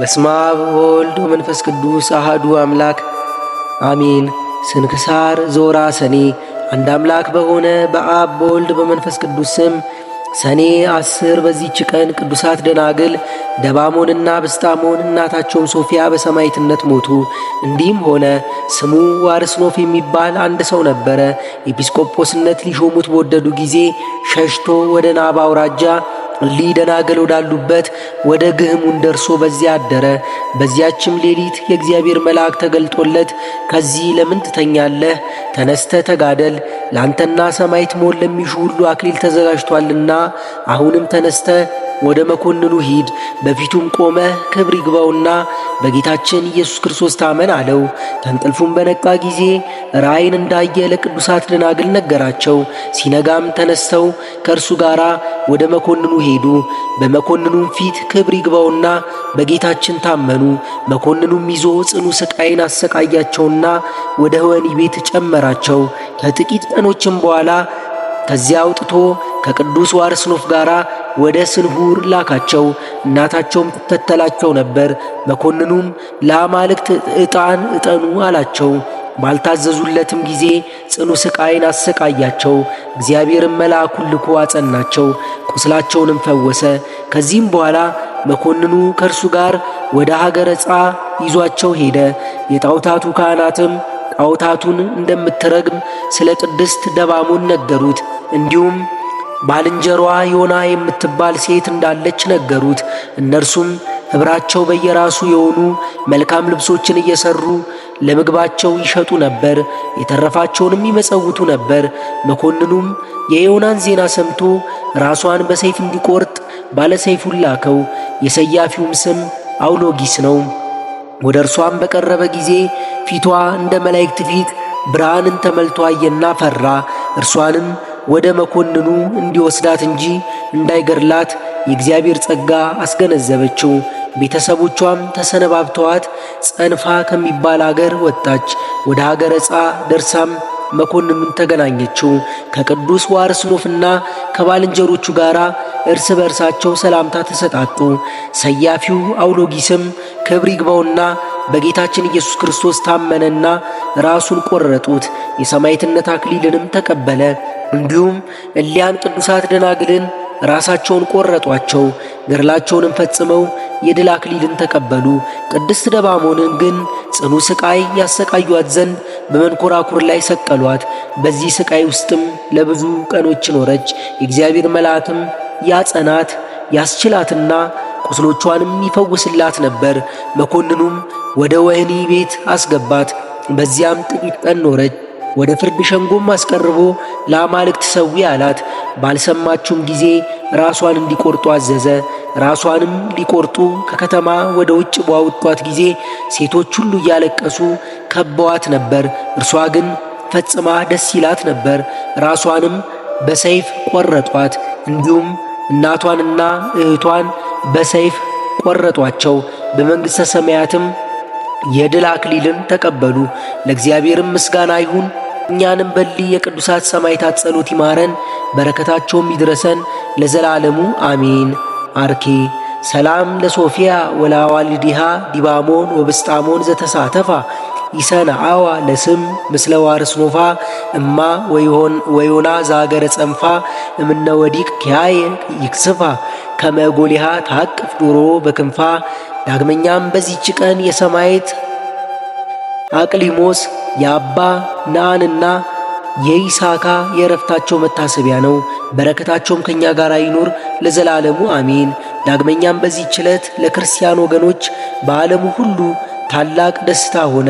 በስመ አብ ወወልድ ወመንፈስ ቅዱስ አህዱ አምላክ አሚን። ስንክሳር ዞራ ሰኔ። አንድ አምላክ በሆነ በአብ በወልድ በመንፈስ ቅዱስ ስም ሰኔ አስር በዚህች ቀን ቅዱሳት ደናግል ደባሞንና ብስጣሞን እናታቸውም ሶፊያ በሰማይትነት ሞቱ። እንዲህም ሆነ፣ ስሙ ዋርስኖፍ የሚባል አንድ ሰው ነበረ። ኤጲስቆጶስነት ሊሾሙት በወደዱ ጊዜ ሸሽቶ ወደ ናባ አውራጃ ሊደናገል ወዳሉበት ወደ ግህሙን ደርሶ በዚያ አደረ። በዚያችም ሌሊት የእግዚአብሔር መልአክ ተገልጦለት ከዚህ ለምን ትተኛለህ? ተነስተ ተጋደል፣ ላንተና ሰማይ ትሞን ለሚሹ ሁሉ አክሊል ተዘጋጅቷልና አሁንም ተነስተ ወደ መኮንኑ ሂድ፣ በፊቱም ቆመ ክብር ይግባውና በጌታችን ኢየሱስ ክርስቶስ ታመን አለው። ከእንቅልፉም በነቃ ጊዜ ራእይን እንዳየ ለቅዱሳት ደናግል ነገራቸው። ሲነጋም ተነስተው ከእርሱ ጋር ወደ መኮንኑ ሄዱ። በመኮንኑም ፊት ክብር ይግባውና በጌታችን ታመኑ። መኮንኑም ይዞ ጽኑ ሥቃይን አሰቃያቸውና ወደ ወህኒ ቤት ጨመራቸው። ከጥቂት ቀኖችም በኋላ ከዚያ አውጥቶ ከቅዱስ ዋርስኖፍ ጋር ወደ ስንሁር ላካቸው። እናታቸውም ትከተላቸው ነበር። መኮንኑም ለአማልክት ዕጣን እጠኑ አላቸው። ባልታዘዙለትም ጊዜ ጽኑ ሥቃይን አሰቃያቸው። እግዚአብሔርም መልአኩን ልኮ አጸናቸው፣ ቁስላቸውንም ፈወሰ። ከዚህም በኋላ መኮንኑ ከእርሱ ጋር ወደ ሀገረ ዕጻ ይዟቸው ሄደ። የጣውታቱ ካህናትም ጣውታቱን እንደምትረግም ስለ ቅድስት ደባሙን ነገሩት። እንዲሁም ባልንጀሯ ዮና የምትባል ሴት እንዳለች ነገሩት። እነርሱም ኅብራቸው በየራሱ የሆኑ መልካም ልብሶችን እየሰሩ ለምግባቸው ይሸጡ ነበር፣ የተረፋቸውንም ይመጸውቱ ነበር። መኮንኑም የዮናን ዜና ሰምቶ ራሷን በሰይፍ እንዲቆርጥ ባለሰይፉን ላከው። የሰያፊውም ስም አውሎጊስ ነው። ወደ እርሷም በቀረበ ጊዜ ፊቷ እንደ መላእክት ፊት ብርሃንን ተመልቶ አየና ፈራ። እርሷንም ወደ መኮንኑ እንዲወስዳት እንጂ እንዳይገድላት የእግዚአብሔር ጸጋ አስገነዘበችው። ቤተሰቦቿም ተሰነባብተዋት ጸንፋ ከሚባል አገር ወጣች። ወደ ሀገረ ጻ ደርሳም መኮንኑን ተገናኘችው። ከቅዱስ ዋርስኖፍና ከባልንጀሮቹ ጋር እርስ በእርሳቸው ሰላምታ ተሰጣጡ። ሰያፊው አውሎጊስም ክብር ይግባውና በጌታችን ኢየሱስ ክርስቶስ ታመነና ራሱን ቆረጡት። የሰማዕትነት አክሊልንም ተቀበለ። እንዲሁም እሊያን ቅዱሳት ደናግልን ራሳቸውን ቆረጧቸው፣ ገድላቸውንም ፈጽመው የድል አክሊልን ተቀበሉ። ቅድስት ደባሞንን ግን ጽኑ ስቃይ ያሰቃዩት ዘንድ በመንኮራኩር ላይ ሰቀሏት። በዚህ ስቃይ ውስጥም ለብዙ ቀኖች ኖረች። የእግዚአብሔር መልአክም ያጸናት ያስችላትና ቁስሎቿንም ይፈውስላት ነበር። መኮንኑም ወደ ወህኒ ቤት አስገባት። በዚያም ጥቂት ቀን ኖረች። ወደ ፍርድ ሸንጎም አስቀርቦ ለአማልክት ሰዊ አላት። ባልሰማችሁም ጊዜ ራሷን እንዲቆርጡ አዘዘ። ራሷንም ሊቆርጡ ከከተማ ወደ ውጭ ባወጧት ጊዜ ሴቶች ሁሉ እያለቀሱ ከበዋት ነበር። እርሷ ግን ፈጽማ ደስ ይላት ነበር። ራሷንም በሰይፍ ቆረጧት። እንዲሁም እናቷንና እህቷን በሰይፍ ቆረጧቸው። በመንግሥተ ሰማያትም የድል አክሊልን ተቀበሉ። ለእግዚአብሔርም ምስጋና ይሁን። እኛንም በሊ የቅዱሳት ሰማይታት ጸሎት ይማረን፣ በረከታቸውም ይድረሰን ለዘላለሙ አሚን። አርኬ ሰላም ለሶፊያ ወላዋልዲሃ ዲባሞን ወብስጣሞን ዘተሳተፋ አዋ ለስም ምስለ ዋርስ ኖፋ እማ ወዮና ዛገረ ጸንፋ እምነ ወዲቅ ኪያየ ይክስፋ ከመጎሊሃ ታቅፍ ዶሮ በክንፋ ዳግመኛም በዚህች ቀን የሰማይት አቅሊሞስ የአባ ናአንና የይሳካ የእረፍታቸው መታሰቢያ ነው። በረከታቸውም ከእኛ ጋር ይኑር ለዘላለሙ አሜን። ዳግመኛም በዚህ ችለት ለክርስቲያን ወገኖች በዓለሙ ሁሉ ታላቅ ደስታ ሆነ።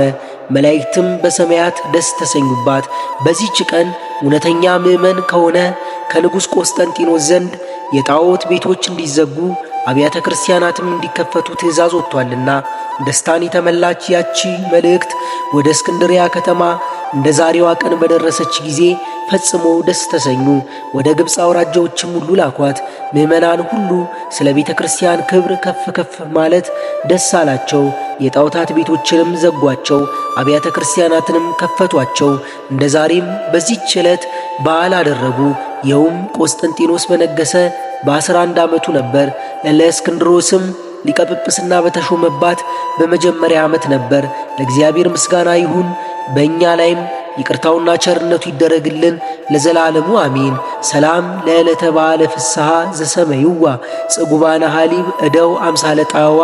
መላእክትም በሰማያት ደስ ተሰኙባት። በዚህች ቀን እውነተኛ ምእመን ከሆነ ከንጉሥ ቆስጠንጢኖስ ዘንድ የጣዖት ቤቶች እንዲዘጉ አብያተ ክርስቲያናትም እንዲከፈቱ ትእዛዝ ወጥቷልና ደስታን የተመላች ያቺ መልእክት ወደ እስክንድሪያ ከተማ እንደ ዛሬዋ ቀን በደረሰች ጊዜ ፈጽሞ ደስ ተሰኙ። ወደ ግብፅ አውራጃዎችም ሁሉ ላኳት። ምዕመናን ሁሉ ስለ ቤተ ክርስቲያን ክብር ከፍ ከፍ ማለት ደስ አላቸው። የጣዖታት ቤቶችንም ዘጓቸው፣ አብያተ ክርስቲያናትንም ከፈቷቸው። እንደ ዛሬም በዚች ዕለት በዓል አደረጉ። ይኸውም ቆስጠንጢኖስ በነገሰ በ11 ዓመቱ ነበር። ለእስክንድሮስም ሊቀጵጵስና በተሾመባት በመጀመሪያ ዓመት ነበር። ለእግዚአብሔር ምስጋና ይሁን፣ በእኛ ላይም ይቅርታውና ቸርነቱ ይደረግልን ለዘላለሙ አሜን። ሰላም ለዕለተ በዓለ ፍስሐ ዘሰመይዋ ጽጉባነ ሐሊብ እደው አምሳለ ጣዋ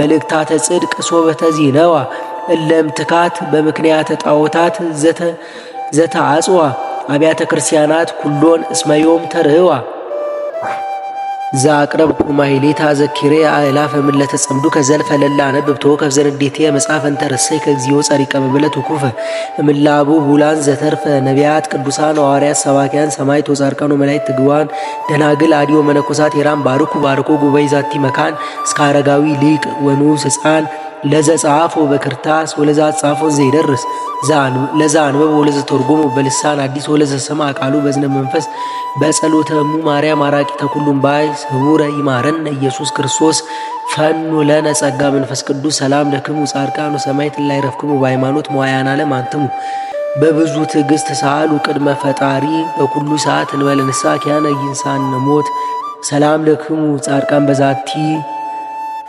መልእክታ ተጽድቅ ሶበተ ዜነዋ እለም ትካት በምክንያተ ጣዖታት አጽዋ አብያተ ክርስቲያናት ኩሎን እስመዮም ተርህዋ ዘአቅረብኩ ማሕሌታ ዘኪሬ አእላፈ ምለተ ጽምዱ ከዘልፈ ለላ ነብብቶ ከብዘን እንዴቴ መጽሐፈ እንተረሰይ ከግዚኦ ጸሪቀ መበለት ውኩፈ እምላቡ ቡላን ዘተርፈ ነቢያት ቅዱሳን ሐዋርያት ሰባኪያን ሰማዕት ወጻድቃን ወመላእክት ትጉሃን ደናግል አዲዮ መነኮሳት ሄራን ባርኩ ባርኮ ጉባኤ ዛቲ መካን እስከ አረጋዊ ሊቅ ወንዑስ ሕፃን ለዘጻፎ በክርታስ ወለዛ ጻፎ ዘይደርስ ለዛን አንበበ ወለዘ ተርጎሞ በልሳን አዲስ ወለዘ ሰማ ቃሉ በዝነ መንፈስ በጸሎተ እሙ ማርያም አራቂ ተኩሉም ባይ ስቡረ ይማረነ ኢየሱስ ክርስቶስ ፈኑ ለነ ጸጋ መንፈስ ቅዱስ ሰላም ለክሙ ጻድቃኑ ሰማይት ላይ ረፍክሙ በሃይማኖት መዋያን ዓለም አንትሙ በብዙ ትዕግስት ሳሉ ቅድመ ፈጣሪ በኩሉ ሰዓት እንበለ ንስሐ ኪያነ ይንሳን ሞት ሰላም ለክሙ ጻድቃን በዛቲ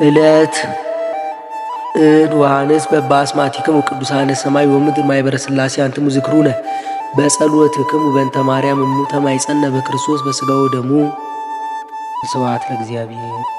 እለት እድዋንስ በባስማቲክም ቅዱሳነ ሰማይ ወምድር ማይበረ ሥላሴ አንትሙ ዝክሩነ በጸሎትክሙ በእንተ ማርያም እሙተ ማይጸነ በክርስቶስ በስጋው ደሙ ስብሐት ለእግዚአብሔር።